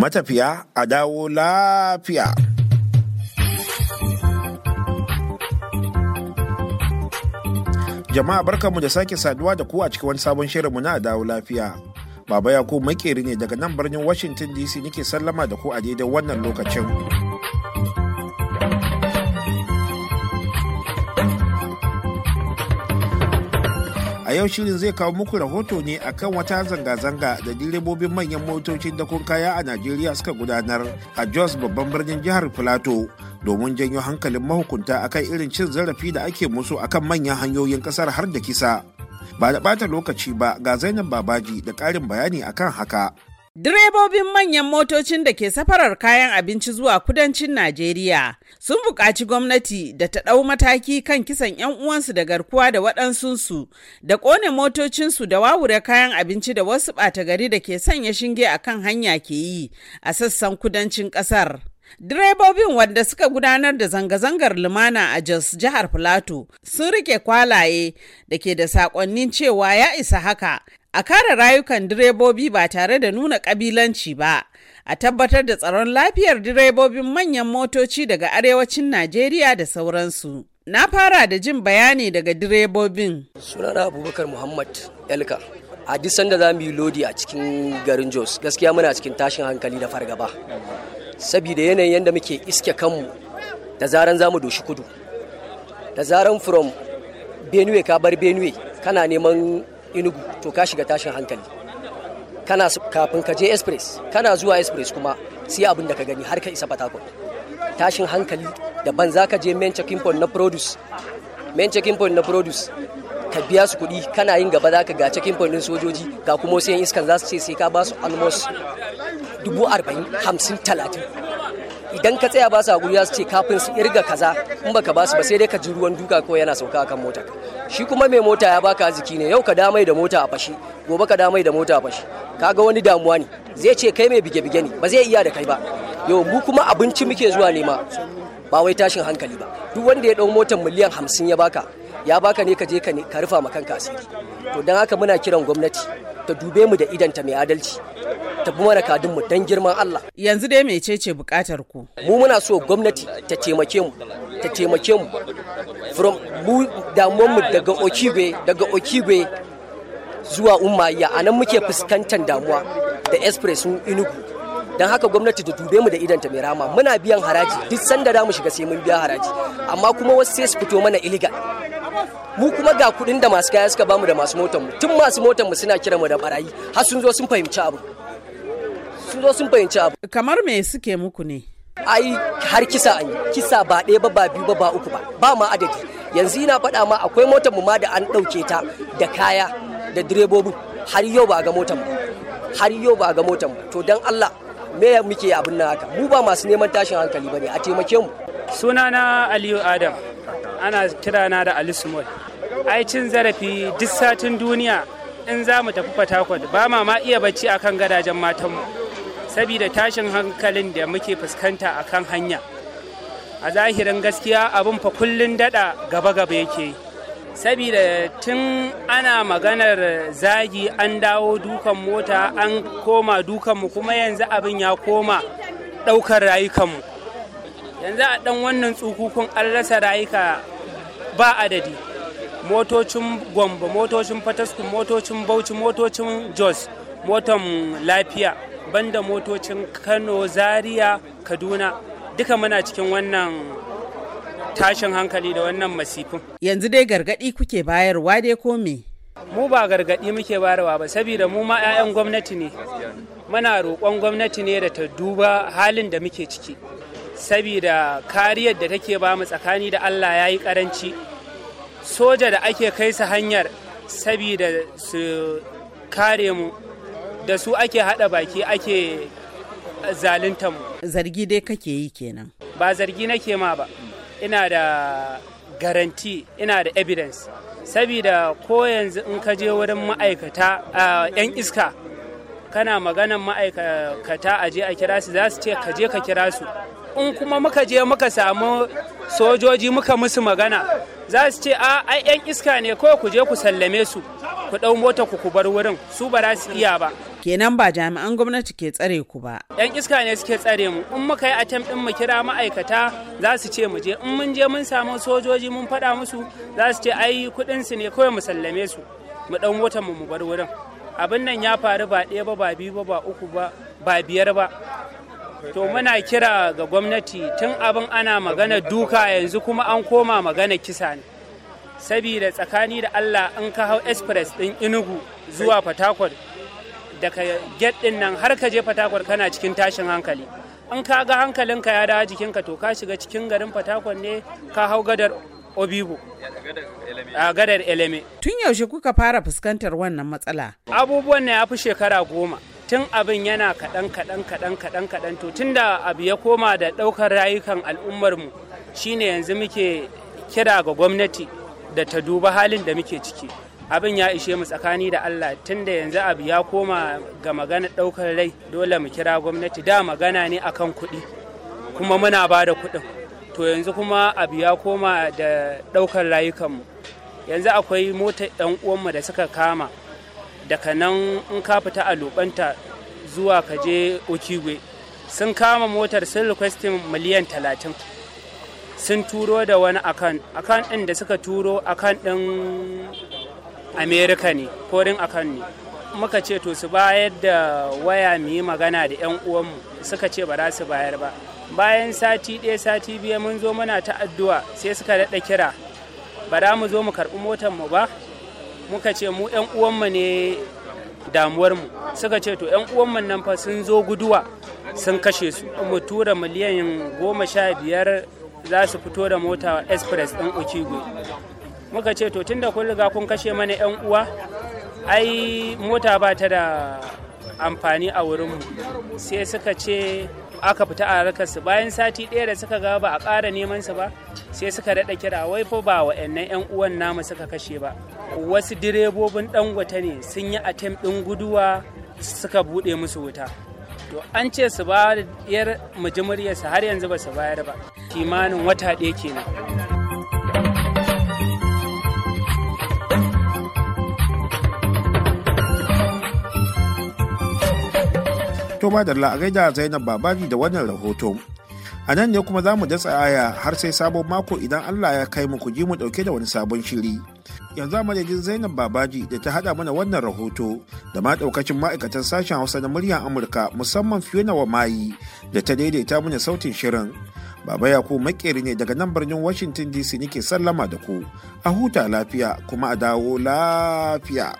matafiya a dawo lafiya. Jama'a barkanmu da sake saduwa da ku a cikin wani sabon shirinmu na dawo lafiya. Baba Yakubu makeri ne daga nan birnin Washington DC nake sallama da ku a daidai wannan lokacin. a yau shirin zai kawo muku rahoto ne akan wata zanga-zanga da direbobin manyan motocin dakon kaya a najeriya suka gudanar a jos babban birnin jihar filato domin janyo hankalin mahukunta akan irin cin zarafi da ake musu akan manyan hanyoyin kasar har da kisa ba da ɓata lokaci ba ga zainab babaji da ƙarin bayani akan haka Direbobin manyan motocin da ke safarar kayan abinci zuwa kudancin Najeriya sun buƙaci gwamnati da ta ɗau mataki kan kisan 'yan uwansu da garkuwa da waɗansunsu da ƙone motocinsu da wawure kayan abinci da wasu ɓata gari da ke sanya shinge a kan hanya ke yi a sassan kudancin ƙasar. Direbobin wanda suka gudanar da zanga-zangar lumana a Jos jihar Filato sun rike kwalaye da ke da saƙonnin cewa ya isa haka a kare rayukan direbobi ba tare da nuna kabilanci ba a tabbatar da tsaron lafiyar direbobin manyan motoci daga arewacin najeriya da sauransu na fara da jin bayani daga direbobin sunana abubakar muhammad elka a duk sanda za mu yi lodi a cikin garin jos gaskiya muna cikin tashin hankali da fargaba saboda yanayin yadda muke iske kanmu da zaran za mu doshi kudu da zaran from benue ka bar benue kana neman inugu to ka shiga tashin hankali kana kafin ka je express kana zuwa express kuma sai abin da ka gani har ka isa patakon tashin hankali daban za ka je main checking point na produce main checking point na produce ka biya su kuɗi kana yin gaba za ka ga checking point din sojoji ga kuma wasu yan iskan za su ce sai ka ba su almost dubu arba'in hamsin talatin idan ka tsaya ba su a guri za su ce kafin su irga kaza in baka ba su ba sai dai ka ji ruwan duka ko yana sauka kan motar shi kuma mai mota ya baka arziki ne yau ka damai da mota a fashi gobe ka damai da mota a fashi kaga wani damuwa ne zai ce kai mai bige-bige ne ba zai iya da kai ba yau mu kuma abinci muke zuwa nema ba wai tashin hankali ba duk wanda ya dau motar miliyan hamsin ya baka ya baka ne ka je ka rufa ma kanka asiri to don haka muna kiran gwamnati ta dube mu da idanta mai adalci ta bi mana kadin mu dan girman Allah yanzu dai mecece bukatar ku mu muna so gwamnati ta taimake mu ta taimake mu from mu damuwanmu daga okibe daga okibe zuwa umayya a nan muke fuskantar damuwa da express inugu don haka gwamnati da dube mu da idanta mai rama muna biyan haraji duk sanda da mu shiga sai mun biya haraji amma kuma wasu sai su fito mana illegal mu kuma ga kuɗin da masu kaya suka bamu da masu motar mu tun masu motar mu suna kira mu da barayi har sun zo sun fahimci abu sun zo sun fahimci abu kamar me suke muku ne ai har kisa an kisa ba ɗaya ba ba biyu ba ba uku ba ba ma adadi yanzu ina faɗa ma akwai motar mu ma da an ɗauke ta da kaya da direbobi har yau ba ga motar mu. har yau ba ga motar mu. to dan Allah me muke abin nan haka mu ba masu neman tashin hankali bane a taimake mu sunana Aliyu Adam ana kirana da Ali Sumol ai cin zarafi duk satin duniya in za mu tafi Fatakwal ba ma ma iya bacci akan gadajen matan mu saboda tashin hankalin da muke fuskanta a kan hanya a zahirin gaskiya abin fa kullun dada gaba-gaba yake saboda tun ana maganar zagi an dawo dukan mota an koma dukanmu kuma yanzu abin ya koma ɗaukar rayukanmu yanzu a ɗan wannan tsukukun an rasa rayuka ba adadi motocin gombe motocin fataskun motocin bauchi motocin jos motan lafiya banda motocin kano zaria kaduna duka muna cikin wannan tashin hankali da wannan masifin yanzu dai gargadi kuke bayarwa dai ko me mu ba gargadi muke bayarwa ba saboda mu ma 'ya'yan gwamnati ne muna roƙon gwamnati ne da ta duba halin da muke ciki saboda kariyar da take ba mu tsakani da allah ya yi karanci soja da ake kai su hanyar saboda su kare mu da su ake haɗa baki ake zaluntar mu zargi dai kake yi kenan ba zargi nake ma ba ina da garanti ina da evidence sabida ko yanzu in ka je wurin ma'aikata yan iska kana maganan ma'aikata a je a kira su za su ce ka je ka kira su in kuma muka je muka samu sojoji muka musu magana za su ce a yan iska ne ko ku je ku sallame su ku ɗau mota ku ku bar wurin su ba za su iya ba kenan ba jami'an gwamnati ke tsare ku ba. Yan iska ne suke tsare mu in muka yi atem ɗin mu kira ma'aikata za su ce mu je in mun je mun samu sojoji mun faɗa musu za su ce ai kuɗin su ne kawai mu sallame su mu ɗan wutan mu mu bar wurin. Abin nan ya faru ba ɗaya ba ba biyu ba ba uku ba ba biyar ba. To muna kira ga gwamnati tun abin ana magana duka yanzu kuma an koma magana kisa ne. Sabida tsakani da Allah in ka hau express ɗin Inugu zuwa Fatakwal daga get din nan har ka je fatakwar kana cikin tashin hankali in ka ga hankalinka ya dawo jikinka to ka shiga cikin garin fatakwar ne ka hau gadar obibo a gadar eleme tun yaushe kuka fara fuskantar wannan matsala abubuwan na ya fi shekara goma tun abin yana kaɗan kaɗan kaɗan kaɗan kaɗan to tun da abu ya koma da ɗaukar rayukan al'ummar mu shine yanzu muke kira ga gwamnati da ta duba halin da muke ciki abin ya ishe mu tsakani da Allah tunda yanzu abu ya koma ga magana ɗaukar rai dole mu kira gwamnati da magana ne akan kuɗi kuma muna ba da kuɗin to yanzu kuma abu ya koma da ɗaukar rayukanmu yanzu akwai mota 'yan uwanmu da suka kama daga nan in ka fita a lobanta zuwa ka je okigwe sun kama motar sun requestin miliyan talatin sun turo da wani akan akan ɗin da suka turo akan ɗin amerika ne korin akan ne muka ce to su bayar da waya mu yi magana da 'yan uwanmu suka ce ba za su bayar ba bayan sati ɗaya sati biyu mun zo muna ta addu'a sai suka daɗa kira ba za mu zo mu karɓi motar mu ba muka ce mu 'yan uwanmu ne damuwar mu suka ce to 'yan uwanmu nan fa sun zo guduwa sun kashe su mu tura miliyan goma sha biyar za su fito da mota express ɗin okigwe muka ce to tunda kun riga kun kashe mana 'yan uwa ai mota ba ta da amfani a wurinmu sai suka ce aka fita a harkarsu bayan sati ɗaya da suka ga ba a ƙara neman su ba sai suka daɗa kira wai fa ba wa'annan 'yan uwan namu suka kashe ba wasu direbobin dangote ne sun yi atem ɗin guduwa suka buɗe musu wuta to an ce su ba yar mujimuryarsa har yanzu ba su bayar ba kimanin wata ɗaya kenan To madalla a gaida Zainab Babaji da wannan rahoto. A nan ne kuma za mu datsa aya har sai sabon mako idan Allah ya kai mu ku ji mu dauke da wani sabon shiri. Yanzu a madadin Zainab Babaji da ta haɗa mana wannan rahoto da ma daukacin ma'aikatan sashen Hausa na muryar Amurka musamman Fiona wa Mayi da ta daidaita mana sautin shirin. Baba ya ko, makeri ne daga nan birnin Washington DC nake sallama da ku. A huta lafiya kuma a dawo lafiya.